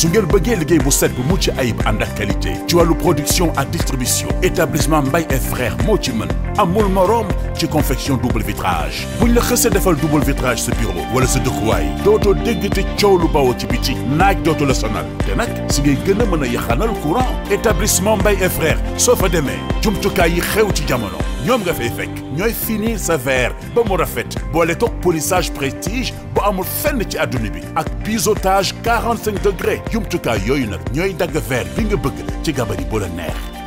su ngeen bëggee liggéey bu set bu mucc ayib ànd ak qualité ci wàllu production ak distribution établissement Mbaye et frères moo ci mën amul morom ci confection double vitrage buñ la xësee defal double vitrage sa bureau wala sa dëkkuwaay dootoo dégg te coow lu bawoo ci biti naaj dootu la sonal te nag si ngay gën a mën a yaxanal courant établissement Mbaye et frères soo fa demee jumtukaay yi xew ci jamono ñoom nga fay fekk ñooy finir sa verre ba mu rafet boole toog polissage prestige bu amul fenn ci adduna bi ak biseautage 45 degré jumtukaay yooyu nag ñooy dagg verre bi nga bëgg ci gabari bu la neex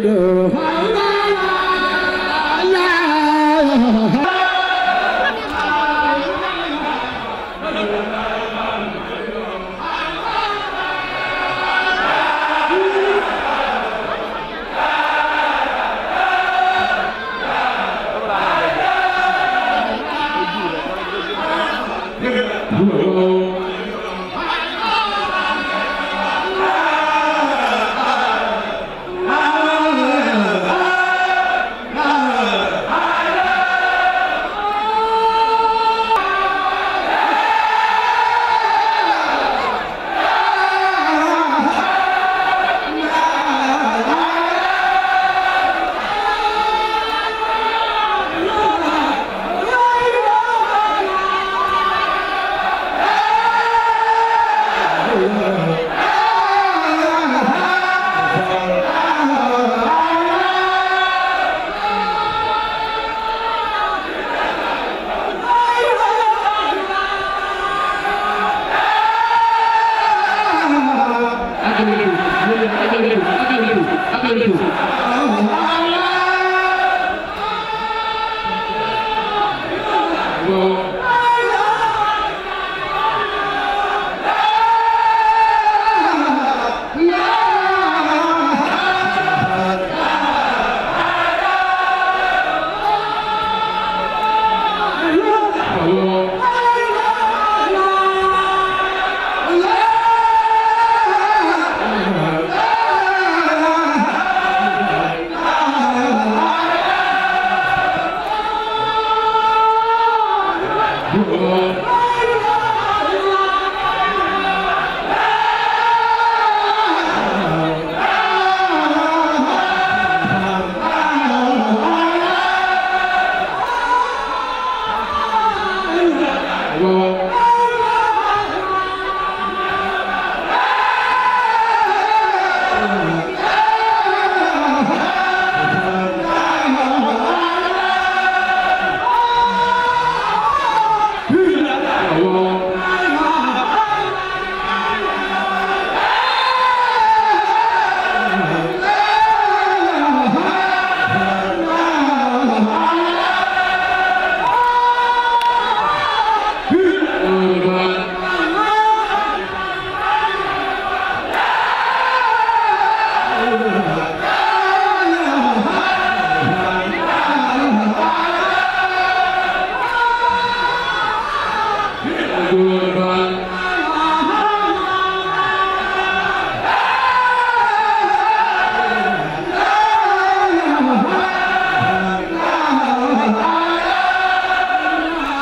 do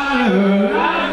ah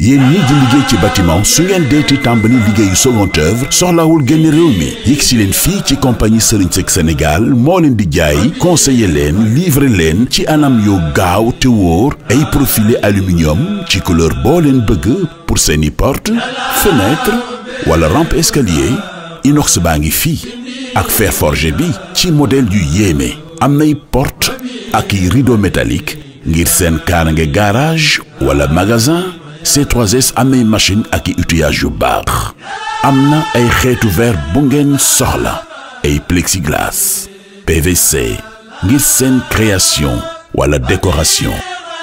yéen ñii di liggéey ci bâtiment su ngeen deeti tàmbali liggéeyu second œuvre soxlawul génn réew mi yegg leen fii ci compagnie Serigne Seck Sénégal moo leen di jaay conseiller leen livrer leen ci anam yoo gaaw te woor ay profilé aluminium ci couleur boo bëgg pour seeni porte fenêtre wala rampe i inox baa ngi fii ak fer forgé bi ci modèle yu yéeme am nay port ak i rideau métallique ngir seen kaarange garage walla magasin c 3 amee machine ak i outillage yu baax am na ay xeetu verre bu ngeen soxla ay plexiglas PVC ngir seen création wala décoration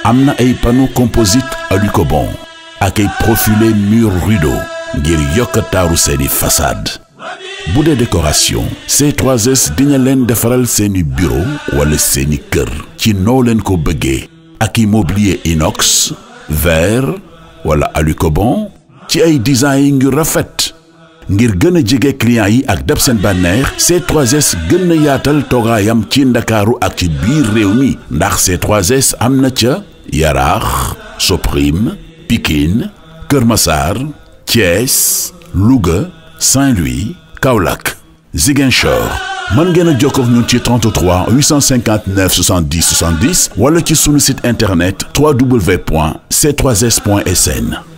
am na ay panneau composite alucobond ak ay profilé mur rideau ngir yokk taaru seeni façade bu dee décoration c 3 dina leen defaral seeni bureau wala seeni kër ci noo leen ko bëggee ak i mobilier inox verre wala alucobon ci ay design yu rafet ngir gën a jege client yi ak dab seen bànneex C3S gën a yaatal toogaayam ci ndakaaru ak ci biir réew mi ndax c 3 am na ca Yaraax Soprim Pikine Kër Massar Thiès Louga Saint-Louis Kaolack Ziguinchor mën ngeen a jokkoo ak ñun ci 33 859 70 70 wala ci sunu site internet wwwc 3 n